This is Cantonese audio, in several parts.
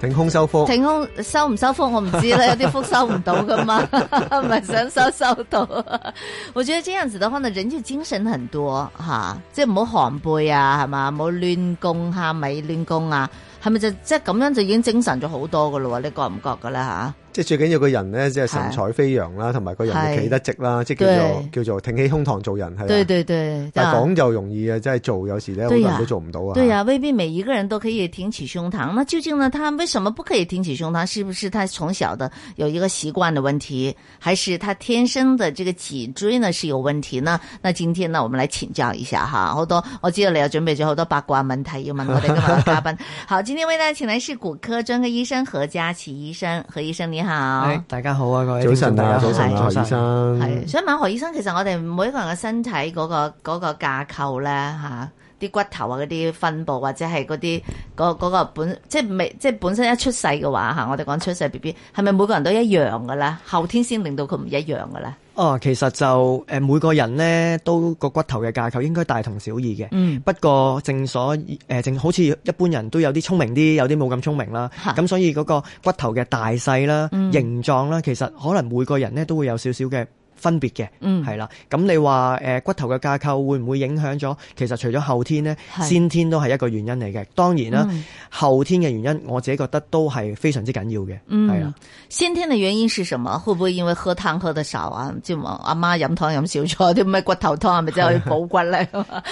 挺胸收腹，挺胸收唔收腹我唔知啦， 有啲腹收唔到噶嘛，唔係 想收收到。 我覺得這樣子都可能人要精神很多吓、啊，即係唔好寒背啊，係嘛，唔好亂攻下咪亂攻啊，係咪就即係咁樣就已經精神咗好多噶啦？你覺唔覺噶啦吓？啊即最緊要個人呢，即神采飛揚啦，同埋個人企得直啦，是即叫做對叫做挺起胸膛做人係。對對對，但講就容易啊，即係做有時呢，好多人都做唔到啊。是對呀、啊，未必每一個人都可以挺起胸膛。那究竟呢，他為什麼不可以挺起胸膛？是不是他從小的有一個習慣的問題，還是他天生的這個脊椎呢是有問題呢？那今天呢，我們來請教一下哈。好多我知日嚟要準備咗好多八卦問題要問我哋嘅嘉賓。 好，今天為大家請來是骨科專科醫生何嘉琪醫生。何醫生，你。Hello. hey, 大家好啊！各位上，早晨，大家好早晨上，何醫生。係，所以馬何醫生，其實我哋每一個人嘅身體嗰、嗰個、嗰個架構咧，吓、啊，啲骨頭啊，嗰啲分布或者係嗰啲嗰個本，即係未，即係本身一出世嘅話吓、啊，我哋講出世 B B，係咪每個人都一樣嘅啦？後天先令到佢唔一樣嘅啦？哦，其實就誒、呃、每個人咧都個骨頭嘅架構應該大同小異嘅，嗯、不過正所誒、呃、正好似一般人都有啲聰明啲，有啲冇咁聰明啦。咁、啊、所以嗰個骨頭嘅大細啦、嗯、形狀啦，其實可能每個人咧都會有少少嘅分別嘅，係啦、嗯，咁、嗯嗯、你話誒骨頭嘅架構會唔會影響咗？其實除咗後天呢，的先天都係一個原因嚟嘅。當然啦，嗯、後天嘅原因我自己覺得都係非常之緊要嘅，係啦、嗯。先天嘅原因係什麼？會唔會因為喝湯喝得少啊？即阿媽飲湯飲少咗啲咩骨頭湯係咪真係可以補骨咧？嚇的！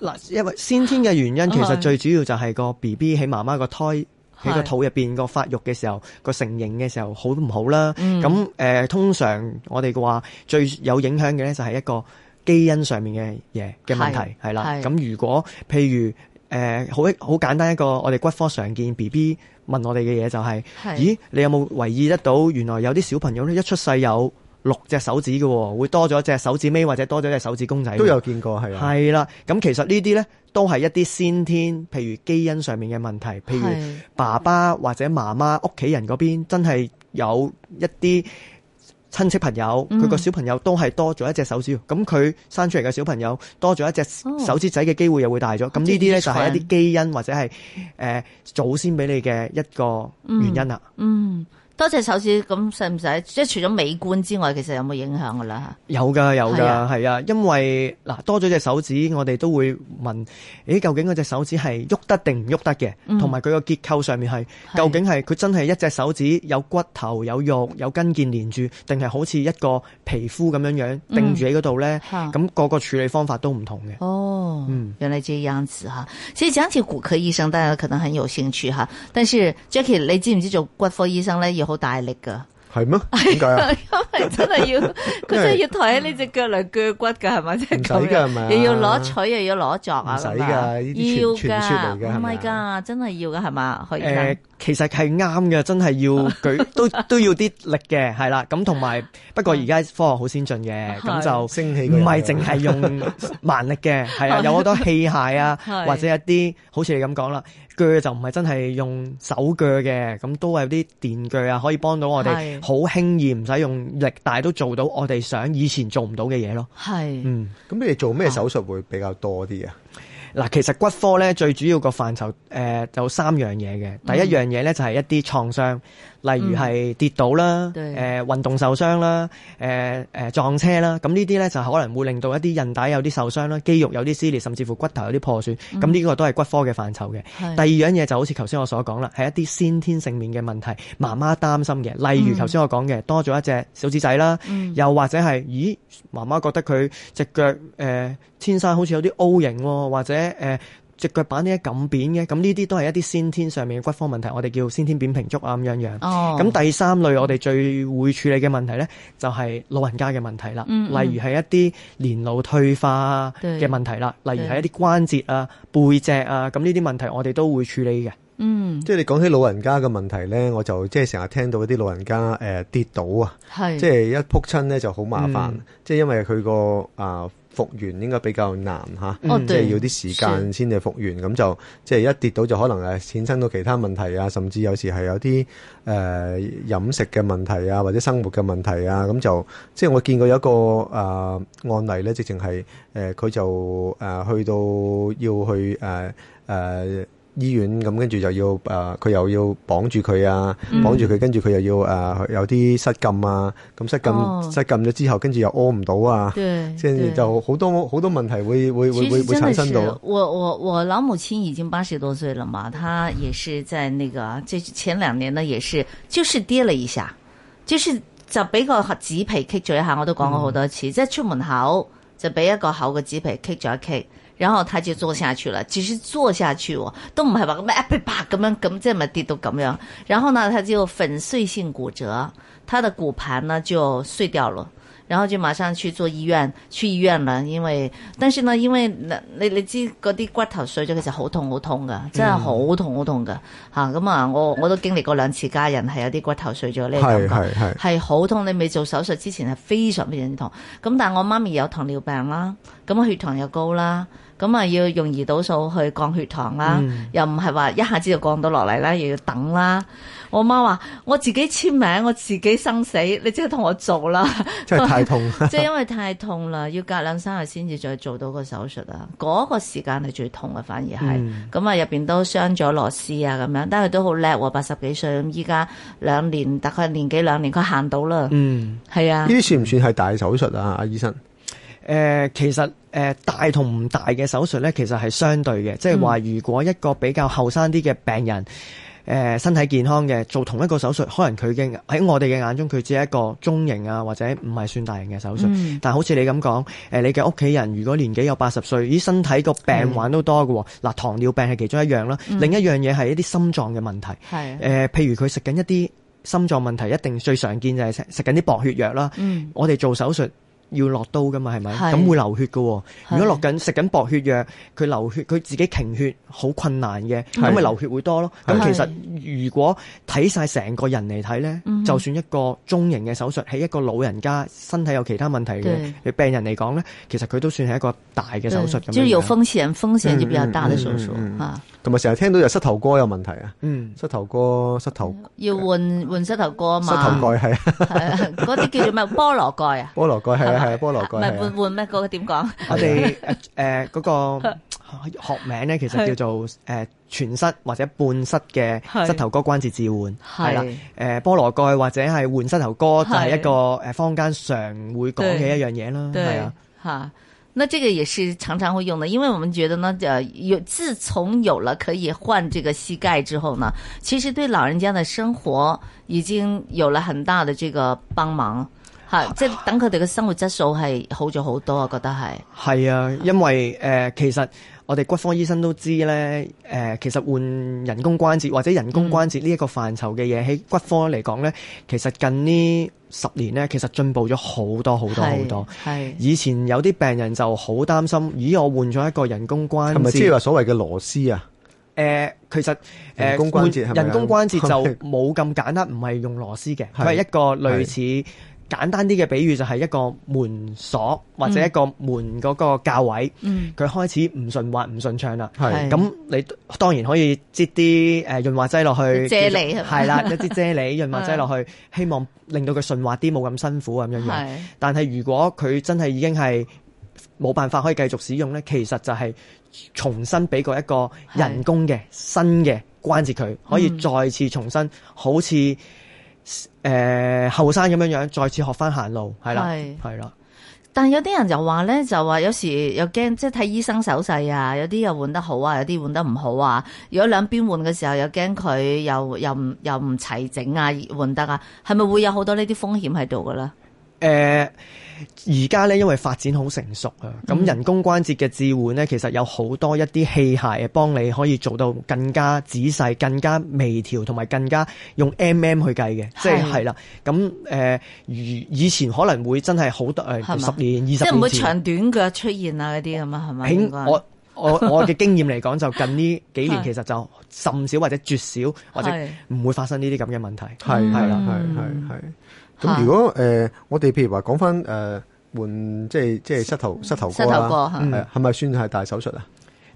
嗱， 因為先天嘅原因 其實最主要就係個 B B 喺媽媽個胎。喺個肚入邊個發育嘅時候，個成形嘅時候好唔好啦？咁誒、嗯呃，通常我哋嘅話最有影響嘅呢，就係一個基因上面嘅嘢嘅問題係啦。咁是如果譬如誒，好一好簡單一個，我哋骨科常見 B B 問我哋嘅嘢就係、是：是咦，你有冇為意得到？原來有啲小朋友呢，一出世有。六隻手指嘅，會多咗一隻手指尾或者多咗一隻手指公仔。都有見過，係啊。係啦，咁其實呢啲呢都係一啲先天，譬如基因上面嘅問題，譬如爸爸或者媽媽屋企人嗰邊真係有一啲親戚朋友，佢個小朋友都係多咗一隻手指，咁佢生出嚟嘅小朋友多咗一隻手指仔嘅機會又會大咗。咁呢啲呢就係一啲基因或者係誒祖先俾你嘅一個原因啦。嗯。多隻手指咁使唔使？即係除咗美觀之外，其實有冇影響㗎啦？有㗎，有㗎、啊，係啊，因為嗱多咗隻手指，我哋都會問，咦，究竟嗰隻手指係喐得定唔喐得嘅？同埋佢個結構上面係係。究竟係佢真係一隻手指有骨頭、有肉、有跟腱連住，定係好似一個皮膚咁樣樣定住喺嗰度咧？咁個、嗯、個處理方法都唔同嘅。哦，嗯，原來咁樣子哈。所以講起骨科醫生，大家可能很有興趣哈。但是 Jackie 你知唔知做骨科醫生咧？好大力噶，係咩？點解啊？因為真係要，佢真係要抬起呢隻腳嚟鋸骨噶，係咪？真係唔使噶，係咪？又要攞取，又要攞作啊？唔使噶，呢啲傳出嚟噶，係咪？唔係噶，真係要噶，係嘛？誒，其實係啱嘅，真係要舉，都都要啲力嘅，係啦。咁同埋，不過而家科學好先進嘅，咁就唔係淨係用蠻力嘅，係啊，有好多器械啊，或者一啲好似你咁講啦。鋸就唔係真係用手鋸嘅，咁都係啲電鋸啊，可以幫到我哋好輕易唔使用力，但係都做到我哋想以前做唔到嘅嘢咯。係，嗯，咁你哋做咩手術會比較多啲啊？嗱，其實骨科咧最主要個範疇，誒有三樣嘢嘅，第一樣嘢咧就係一啲創傷。例如係跌倒啦，誒、嗯呃、運動受傷啦，誒、呃、誒、呃、撞車啦，咁呢啲呢，就可能會令到一啲韌帶有啲受傷啦，肌肉有啲撕裂，甚至乎骨頭有啲破損，咁呢、嗯、個都係骨科嘅範疇嘅。是第二樣嘢就好似頭先我所講啦，係一啲先天性面嘅問題，媽媽擔心嘅，例如頭先我講嘅、嗯、多咗一隻手指仔啦，嗯、又或者係咦媽媽覺得佢隻腳誒、呃、天生好似有啲 O 型喎，或者誒、呃隻腳板呢一咁扁嘅，咁呢啲都係一啲先天上面嘅骨科問題，我哋叫先天扁平足啊，咁樣樣。咁、哦、第三類我哋最會處理嘅問題咧，就係老人家嘅問題啦，嗯嗯例如係一啲年老退化嘅問題啦，對例如係一啲關節啊、背脊啊，咁呢啲問題我哋都會處理嘅。嗯，即係你講起老人家嘅問題咧，我就即係成日聽到一啲老人家誒跌倒啊，係，即係一撲親咧就好麻煩，即係因為佢個啊復原應該比較難吓，即係要啲時間先至復原，咁就即係一跌倒就可能誒衍生到其他問題啊，甚至有時係有啲誒飲食嘅問題啊，或者生活嘅問題啊，咁就即係我見過有一個誒案例咧，直情係誒佢就誒去到要去誒誒。醫院咁跟住就要誒，佢、呃、又要綁住佢啊，嗯、綁住佢，跟住佢又要誒、呃、有啲失禁啊，咁失禁、哦、失禁咗之後，跟住又屙唔到啊，對即係就好多好對多，多問題會會會會產生到。我我我老母親已經八十多歲喇嘛，她也是在那個即前兩年呢，也是就是跌了一下，就是就俾個紙皮棘咗一下，我都講過好多次，即係出門口就俾一個厚嘅紙皮棘咗一棘。然後他就坐下去了，其實坐下去哦，都唔係話咁樣，啪啪咁樣咁這麼啲都咁樣，然後呢，他就粉碎性骨折，他的骨盤呢就碎掉了。然後就馬上去做醫院，去醫院啦，因為，但是呢，因為你你知嗰啲骨頭碎咗其實好痛好痛噶，嗯、真係好痛好痛噶，吓咁啊，嗯、我我都經歷過兩次，家人係有啲骨頭碎咗呢個感覺，係好 痛，你未做手術之前係非常非常之痛，咁、嗯、但係我媽咪有糖尿病啦，咁、嗯、啊血糖又高啦。咁啊，要用胰島素去降血糖啦，嗯、又唔係話一下子就降到落嚟啦，又要等啦。我媽話：我自己簽名，我自己生死，你即係同我做啦。 真係太痛，即係 因為太痛啦，要隔兩三日先至再做到個手術啊。嗰、嗰個時間係最痛啊，反而係。咁啊、嗯，入邊都傷咗螺絲啊，咁樣，但係佢都好叻喎，八十幾歲咁，依家兩年大概年幾兩年，佢行到啦。嗯，係啊。呢啲算唔算係大手術啊？阿醫生？誒、呃，其實誒、呃、大同唔大嘅手術呢，其實係相對嘅，即係話如果一個比較後生啲嘅病人，誒、呃、身體健康嘅做同一個手術，可能佢已經喺我哋嘅眼中，佢只係一個中型啊，或者唔係算大型嘅手術。嗯、但係好似你咁講，誒、呃、你嘅屋企人如果年紀有八十歲，咦身體個病患都多㗎，嗱、嗯啊、糖尿病係其中一樣啦，嗯、另一樣嘢係一啲心臟嘅問題。係譬、嗯嗯、如佢食緊一啲心臟問題，一定最常見就係食食緊啲薄血藥啦。我哋做手術。要落刀噶嘛，係咪？咁會流血噶。如果落緊食緊薄血藥，佢流血，佢自己停血好困難嘅，咁咪流血會多咯。咁其實如果睇晒成個人嚟睇呢，就算一個中型嘅手術，喺一個老人家身體有其他問題嘅病人嚟講呢，其實佢都算係一個大嘅手術。即係有風險，風險就比較大嘅手術吓。同埋成日聽到有膝頭哥有問題啊，膝頭哥膝頭要換換膝頭哥啊嘛，膝頭蓋係啊，嗰啲叫做咩？菠蘿蓋啊，菠蘿蓋係啊係啊菠蘿蓋，唔係換換咩？嗰個點講？我哋誒嗰個學名咧，其實叫做誒全膝或者半膝嘅膝頭哥關節置換，係啦。誒菠蘿蓋或者係換膝頭哥，就係一個誒坊間常會講嘅一樣嘢啦，係啊嚇。那這個也是常常會用的，因為我們覺得呢，呃，有自從有了可以換這個膝蓋之後呢，其實對老人家的生活已經有了很大的這個幫忙，吓， 即等佢哋嘅生活質素係好咗好多啊，覺得係。係啊， 因為誒、呃，其實。我哋骨科醫生都知呢，誒、呃，其實換人工關節或者人工關節呢一個範疇嘅嘢，喺、嗯、骨科嚟講呢，其實近呢十年呢，其實進步咗好多好多好多。係，以前有啲病人就好擔心，咦？我換咗一個人工關節，係咪即係話所謂嘅螺絲啊？誒、呃，其實、呃、人工關節係咪？人工關節就冇咁簡單，唔係用螺絲嘅，佢係是一個類似。簡單啲嘅比喻就係一個門鎖或者一個門嗰個較位，佢、嗯、開始唔順滑唔順暢啦。咁是你當然可以擠啲誒潤滑劑落去，係啦，一啲啫喱潤滑劑落去，是希望令到佢順滑啲，冇咁辛苦咁樣樣。但係如果佢真係已經係冇辦法可以繼續使用呢，其實就係重新俾過一個人工嘅新嘅關節，佢可以再次重新好似。誒，後生咁樣樣再次學翻行路，係啦，係啦。但係有啲人就話咧，就話有時又驚，即係睇醫生手勢啊，有啲又換得好啊，有啲換得唔好啊。如果兩邊換嘅時候，又驚佢又又唔又唔齊整啊，換得啊，係咪會有好多呢啲風險喺度噶咧？誒，而家咧，因為發展好成熟啊，咁人工關節嘅置換咧，其實有好多一啲器械幫你可以做到更加仔細、更加微調，同埋更加用 mm 去計嘅，即係係啦。咁誒，如以前可能會真係好多誒十年、二十年，即係唔會長短腳出現啊嗰啲咁啊，係咪？我我我嘅經驗嚟講，就近呢幾年其實就甚少或者絕少，或者唔會發生呢啲咁嘅問題。係係啦，係係係。咁如果誒、呃，我哋譬如話講翻誒換，即係即係膝頭膝頭哥啦，係咪、嗯、算係大手術啊？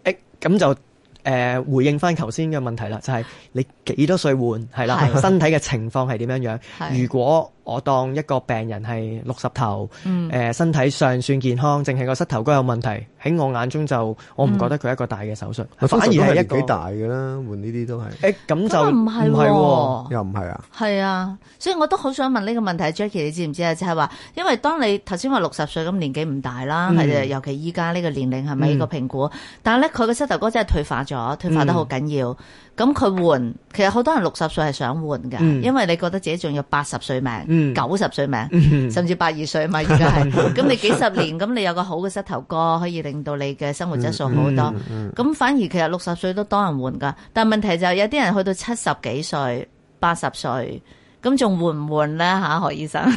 誒、嗯，咁就誒、呃、回應翻頭先嘅問題啦，就係、是、你幾多歲換係 啦，身體嘅情況係點樣樣？ 是如果我當一個病人係六十頭，誒、嗯呃、身體尚算健康，淨係個膝頭哥有問題，喺我眼中就我唔覺得佢係一個大嘅手術，嗯、反而係一幾大嘅啦，換呢啲都係。誒咁、欸、就唔係、哦，唔係、哦，又唔係啊？係啊，所以我都好想問呢個問題，Jackie 你知唔知啊？就係、是、話，因為當你頭先話六十歲咁年紀唔大啦，係、嗯、尤其依家呢個年齡係咪呢個評估？嗯、但係咧佢個膝頭哥真係退化咗，退化得好緊要。咁佢換，其實好多人六十歲係想換㗎，因為你覺得自己仲有八十歲命。嗯九十歲命，歲嗯、甚至八二歲咪，而家係，咁 你幾十年，咁你有個好嘅膝頭哥，可以令到你嘅生活質素好多。咁、嗯嗯嗯、反而其實六十歲都多人換噶，但係問題就係、是、有啲人去到七十幾歲、八十歲，咁仲換唔換呢？吓，何醫生？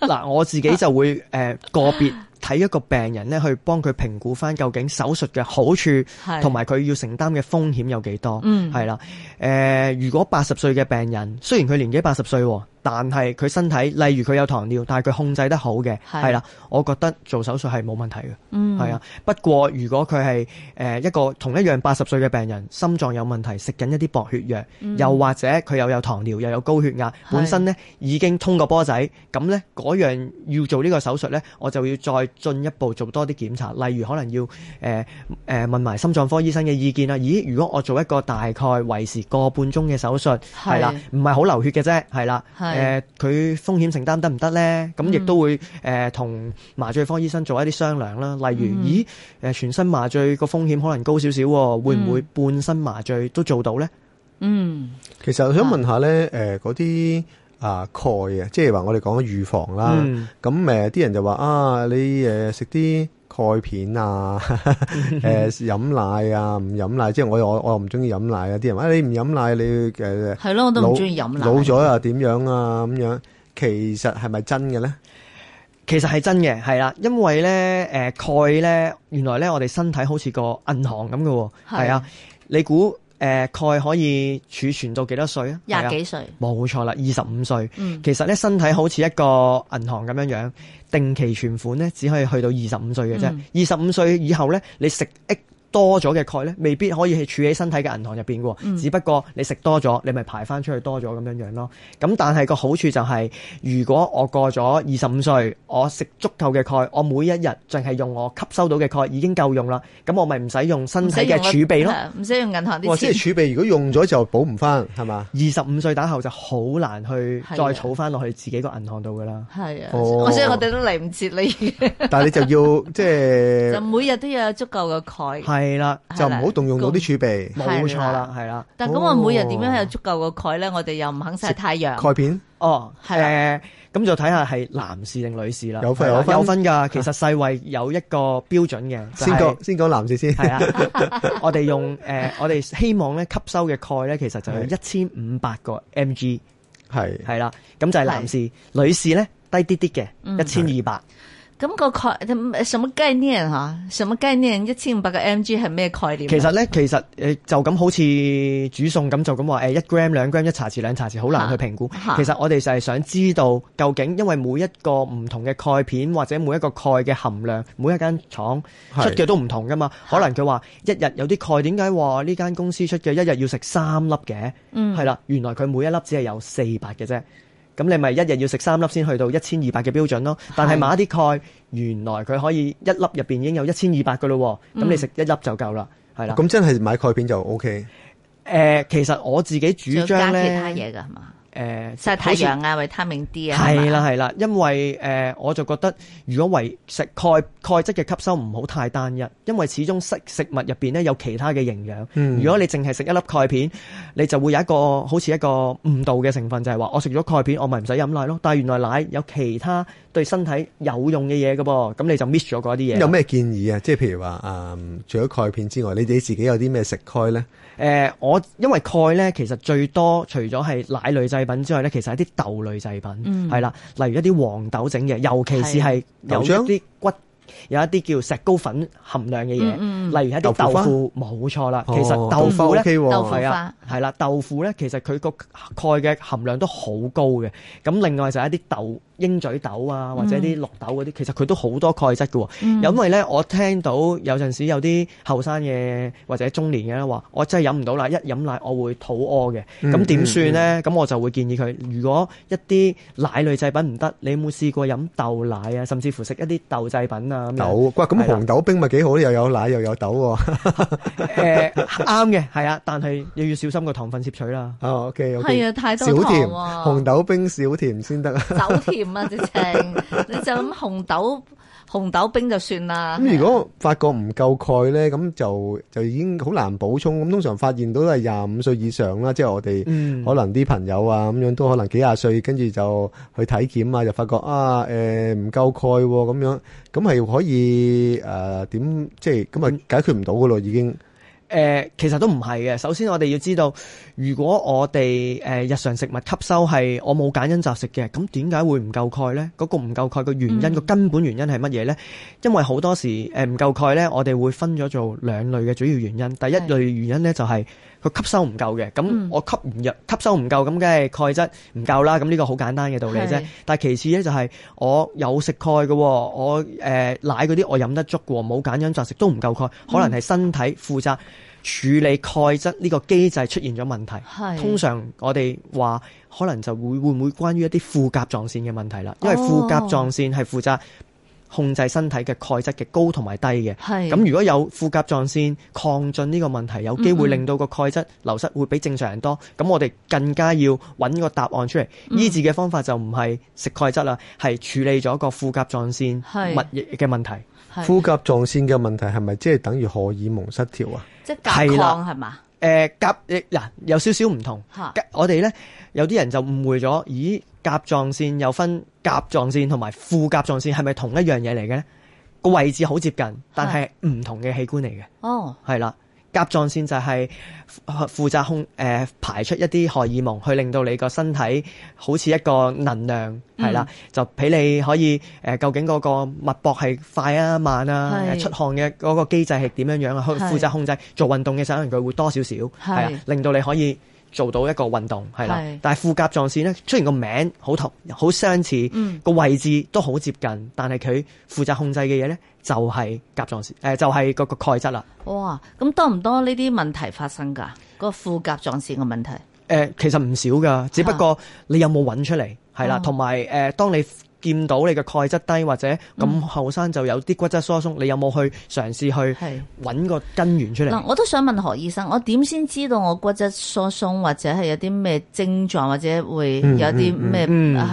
嗱 我自己就會誒、呃、個別睇一個病人咧，去幫佢評估翻究竟手術嘅好處，同埋佢要承擔嘅風險有幾多？嗯，係啦，誒、呃，如果八十歲嘅病人，雖然佢年紀八十歲喎。但係佢身體，例如佢有糖尿，但係佢控制得好嘅，係啦。我覺得做手術係冇問題嘅，係啊。不過如果佢係誒一個同一樣八十歲嘅病人，心臟有問題，食緊一啲薄血藥，又或者佢又有糖尿又有高血壓，本身呢已經通個波仔，咁呢嗰樣要做呢個手術呢，我就要再進一步做多啲檢查，例如可能要誒誒問埋心臟科醫生嘅意見啦。咦？如果我做一個大概維持個半鐘嘅手術，係啦，唔係好流血嘅啫，係啦。誒佢、呃、風險承擔得唔得咧？咁亦都會誒同、呃、麻醉科醫生做一啲商量啦。例如，嗯、咦誒全身麻醉個風險可能高少少，會唔會半身麻醉都做到咧？嗯，其實我想問下咧誒嗰啲啊鈣啊，呃呃、即係話我哋講預防啦。咁誒啲人就話啊，你誒食啲呃鈣片啊，誒，飲奶啊，唔飲奶，即係我又我又唔中意飲奶啊！啲人話你唔飲奶，你誒係咯，我都唔中意飲奶。老咗又點樣啊？咁樣，其實係咪真嘅咧？其實係真嘅，係啦，因為咧，誒，鈣咧，原來咧，我哋身體好似個銀行咁嘅，係啊，你估？誒、呃，鈣可以儲存到幾多歲啊？廿幾歲？冇、啊、錯啦，二十五歲。嗯、其實咧，身體好似一個銀行咁樣樣，定期存款咧，只可以去到二十五歲嘅啫。嗯、二十五歲以後咧，你食益。多咗嘅鈣咧，未必可以係儲喺身體嘅銀行入邊喎。嗯。只不過你食多咗，你咪排翻出去多咗咁樣樣咯。咁但係個好處就係、是，如果我過咗二十五歲，我食足夠嘅鈣，我每一日淨係用我吸收到嘅鈣已經夠用啦。咁我咪唔使用身體嘅儲備咯。唔使用，用，啊、用，用銀行啲錢。哇！即係儲備，如果用咗就補唔翻，係嘛？二十五歲打後就好難去再儲翻落去自己個銀行度㗎啦。係啊。哦。所以、哦、我哋都嚟唔切你。 但係你就要即係。就，是、 就每日都要有足夠嘅鈣。係啦，就唔好動用到啲儲備，冇錯啦，係啦。但咁我每日點樣有足夠個鈣咧？我哋又唔肯晒太陽。鈣片哦，係啦。咁就睇下係男士定女士啦。有分有分有分噶，其實世衛有一個標準嘅。先講先講男士先。係啊，我哋用誒，我哋希望咧吸收嘅鈣咧，其實就係一千五百個 mg。係係啦，咁就係男士，女士咧低啲啲嘅一千二百。咁個概，什乜概念吓？什乜概念？一千五百個 mg 係咩概念？其實呢，其實誒，就咁好似煮餸咁，就咁話誒，一 gram、兩 gram、一茶匙、兩茶匙，好難去評估。其實我哋就係想知道究竟，因為每一個唔同嘅鈣片或者每一個鈣嘅含量，每一間廠出嘅都唔同噶嘛。可能佢話一日有啲鈣，點解話呢間公司出嘅一日要食三粒嘅？嗯，係啦，原來佢每一粒只係有四百嘅啫。咁你咪一日要食三粒先去到一千二百嘅標準咯。但係買啲鈣原來佢可以一粒入邊已經有一千二百嘅咯。咁、嗯、你食一粒就夠啦，係啦。咁真係買鈣片就 O K。誒，其實我自己主張咧，就加其他嘢㗎係嘛？誒，呃、即係太陽啊，維他命 D 啊，係啦係啦，因為誒、呃，我就覺得如果維食鈣鈣質嘅吸收唔好太單一，因為始終食食物入邊咧有其他嘅營養。嗯、如果你淨係食一粒鈣片，你就會有一個好似一個誤導嘅成分，就係、是、話我食咗鈣片，我咪唔使飲奶咯。但係原來奶有其他對身體有用嘅嘢噶噃，咁你就 miss 咗嗰啲嘢。有咩建議啊？即係譬如話誒、嗯，除咗鈣片之外，你哋自己有啲咩食鈣呢？誒，我因為鈣咧，其實最多除咗係奶類製品之外咧，其實係一啲豆類製品係啦，例如一啲黃豆整嘅，尤其是係有啲骨有一啲叫石膏粉含量嘅嘢，例如一啲豆腐，冇錯啦，其實豆腐咧，豆腐啊，係啦，豆腐咧，其實佢個鈣嘅含量都好高嘅，咁另外就係一啲豆。鷹嘴豆啊，或者啲綠豆嗰啲，其實佢都好多鈣質嘅。又因為咧，我聽到有陣時有啲後生嘅或者中年嘅咧話，我真係飲唔到奶，一飲奶我會肚屙嘅。咁點算咧？咁我就會建議佢，如果一啲奶類製品唔得，你有冇試過飲豆奶啊？甚至乎食一啲豆製品啊？豆哇，咁紅豆冰咪幾好？又有奶又有豆喎。誒，啱嘅，係啊，但係要要小心個糖分攝取啦。哦，OK，係啊，太多糖，紅豆冰少甜先得啊，走甜。嘛，就剩你就咁紅豆紅豆冰就算啦。咁如果發覺唔夠鈣咧，咁就就已經好難補充。咁通常發現到都係廿五歲以上啦，即係我哋可能啲朋友啊，咁樣都可能幾廿歲，跟住就去體檢啊，就發覺啊誒唔夠鈣喎咁樣，咁係可以誒點即係咁啊解決唔到噶咯已經。誒其實都唔係嘅。首先我哋要知道，如果我哋誒日常食物吸收係我冇揀飲擇食嘅，咁點解會唔夠鈣呢？嗰個唔夠鈣嘅原因個根本原因係乜嘢呢？因為好多時誒唔夠鈣呢，我哋會分咗做兩類嘅主要原因。第一類原因呢就係佢吸收唔夠嘅，咁我吸唔入吸收唔夠，咁梗係鈣質唔夠啦。咁呢個好簡單嘅道理啫。但其次呢就係我有食鈣嘅，我誒奶嗰啲我飲得足嘅喎，冇揀飲擇食都唔夠鈣，可能係身體負責。處理鈣質呢個機制出現咗問題，是通常我哋話可能就會會唔會關於一啲副甲狀腺嘅問題啦，因為副甲狀腺係負責控制身體嘅鈣質嘅高同埋低嘅。咁是如果有副甲狀腺亢進呢個問題，有機會令到個鈣質流失會比正常人多。咁、嗯嗯、我哋更加要揾個答案出嚟，嗯、醫治嘅方法就唔係食鈣質啦，係處理咗個副甲狀腺物嘅問題。是副甲狀腺嘅問題係咪即係等於荷爾蒙失調啊？即係甲亢係嘛？誒的吧、呃，甲誒，嗱、呃、有少少唔同。吓、啊，我哋咧有啲人就誤會咗，咦？甲狀腺有分甲狀腺同埋副甲狀腺，係咪同一樣嘢嚟嘅咧？個位置好接近，但係唔同嘅器官嚟嘅。的哦，係啦。甲狀腺就係負責控誒、呃、排出一啲荷爾蒙，去令到你個身體好似一個能量係啦、嗯，就俾你可以誒、呃，究竟嗰個脈搏係快啊慢啊，的出汗嘅嗰個機制係點樣樣啊？去負責控制的做運動嘅時候，可能佢會多少少係啊，令到你可以。做到一個運動係啦，的但係副甲狀腺咧，雖然個名好同好相似，個、嗯、位置都好接近，但係佢負責控制嘅嘢呢，就係、是、甲狀腺，誒、呃、就係、是、個個鈣質啦。哇！咁多唔多呢啲問題發生㗎？個副甲狀腺嘅問題誒、呃，其實唔少㗎，只不過你有冇揾出嚟係啦，同埋誒當你。見到你嘅鈣質低或者咁後生就有啲骨質疏鬆，嗯、你有冇去嘗試去揾個根源出嚟？嗱、嗯，我都想問何醫生，我點先知道我骨質疏鬆或者係有啲咩症狀，或者會有啲咩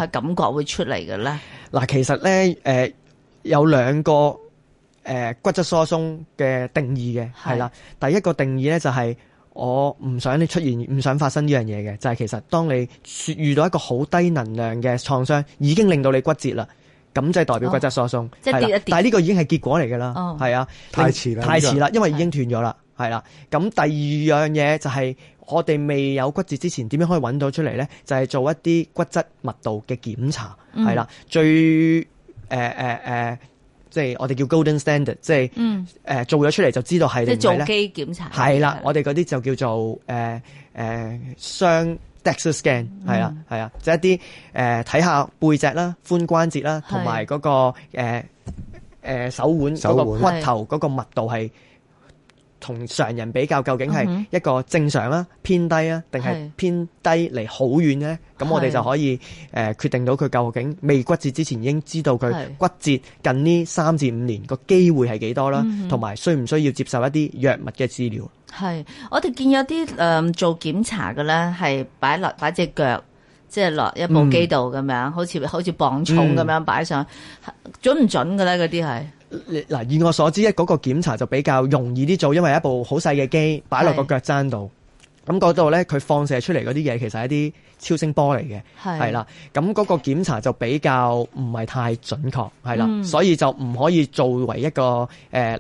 感覺會出嚟嘅咧？嗱、嗯嗯嗯嗯嗯，其實咧，誒、呃、有兩個誒、呃、骨質疏鬆嘅定義嘅，係啦是，第一個定義咧就係、是。我唔想你出現，唔想發生呢樣嘢嘅，就係其實當你遇到一個好低能量嘅創傷，已經令到你骨折啦，咁就代表骨質疏鬆。哦、即跌一跌。但係呢個已經係結果嚟㗎啦。哦。係啊。太遲啦。太遲啦，因為已經斷咗啦。係啦。咁第二樣嘢就係我哋未有骨折之前，點樣可以揾到出嚟呢？就係做一啲骨質密度嘅檢查。嗯。係啦。最誒誒誒。呃呃呃呃即係我哋叫 Golden Standard，即係誒、嗯呃、做咗出嚟就知道係定做機檢查，係啦，我哋嗰啲就叫做誒誒、呃呃、雙 DEXA scan，係啊係啊，即係一啲誒睇下背脊啦、髖關節啦，同埋嗰個誒誒、呃呃、手腕、嗰腕個骨頭嗰個密度係。同常人比較，究竟係一個正常啦、啊、偏低啊，定係偏低離好遠呢？咁是我哋就可以誒、呃、決定到佢究竟未骨折之前，已經知道佢骨折近呢三至五年個機會係幾多啦、啊，同埋、嗯、哼需唔需要接受一啲藥物嘅治療？係我哋見有啲誒、呃、做檢查嘅咧，係擺落擺隻腳，即係落一部機度咁樣，好似好似磅重咁樣擺上去，嗯、準唔準嘅咧？嗰啲係。嗱，以我所知咧，嗰、那個檢查就比較容易啲做，因為一部好細嘅機擺落個腳踭度，咁嗰度咧佢放射出嚟嗰啲嘢其實係一啲超聲波嚟嘅，係啦是，咁嗰、那個檢查就比較唔係太準確，係啦，嗯、所以就唔可以作為一個誒，呃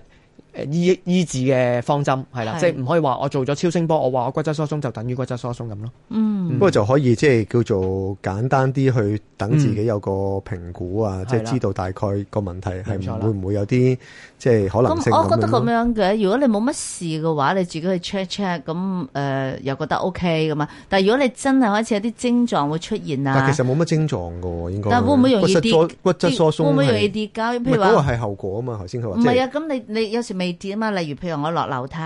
誒，醫醫治嘅方針係啦，即係唔可以話我做咗超聲波，我話我骨質疏鬆就等於骨質疏鬆咁咯。嗯，不過就可以即係叫做簡單啲去等自己有個評估啊，即係知道大概個問題係唔會唔會有啲即係可能我覺得咁樣嘅，如果你冇乜事嘅話，你自己去 check check，咁誒又覺得 OK 㗎嘛。但係如果你真係開始有啲症狀會出現啊，但其實冇乜症狀噶，應該骨質疏骨質疏鬆會唔會容易跌交？咁啊，呢個係後果啊嘛，頭先佢話係啊，咁你你有時。未跌啊嘛！例如，譬如我落樓梯，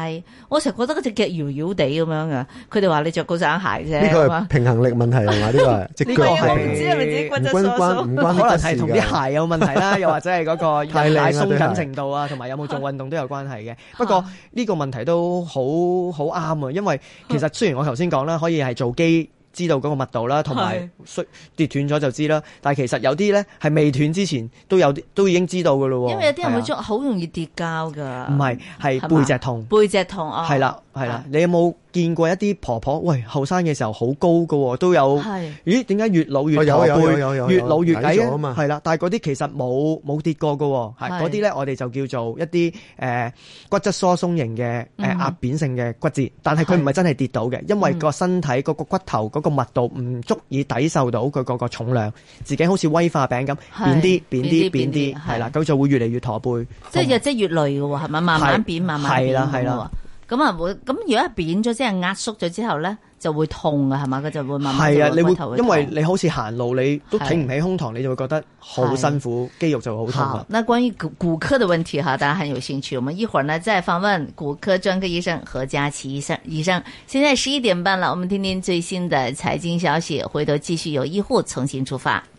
我成日覺得嗰隻腳搖搖地咁樣嘅。佢哋話你着高踭鞋啫。呢個係平衡力問題係嘛？呢個隻腳係唔知你關唔關事㗎。可能係同啲鞋有問題啦，又 或者係嗰個鞋鬆緊程度啊，同埋有冇做運動都有關係嘅。 不過呢個問題都好好啱啊，因為其實雖然我頭先講啦，可以係做機。知道嗰個密度啦，同埋衰跌斷咗就知啦。是但係其實有啲咧係未斷之前都有啲都已經知道嘅咯。因為有啲人會將好、啊、容易跌跤噶，唔係，係背脊痛，背脊痛、哦、啊，係啦，係啦，啊、你有冇？見過一啲婆婆，喂，後生嘅時候好高嘅喎，都有。咦？點解越老越駝背？有有有有有。越老越矮啊！係啦，但係嗰啲其實冇冇跌過嘅喎，係嗰啲咧，我哋就叫做一啲誒骨質疏鬆型嘅誒壓扁性嘅骨折，但係佢唔係真係跌倒嘅，因為個身體嗰個骨頭嗰個密度唔足以抵受到佢嗰個重量，自己好似威化餅咁扁啲、扁啲、扁啲，係啦，咁就會越嚟越駝背。即係日積月累嘅喎，係咪慢慢扁、慢慢扁咁樣？咁啊，會咁、 嗯、如果係扁咗，即係壓縮咗之後呢，就會痛嘅係嘛，佢就會慢慢係啊，你會，會因為你好似行路，你都挺唔起胸膛，你就會覺得好辛苦，啊、肌肉就好痛。好，那關於骨骨科的問題吓，大家很有興趣，我們一會兒呢再訪問骨科專科醫生何嘉棋醫生。醫生，現在十一點半了，我們聽聽最新的財經消息，回頭繼續由醫護重新出發。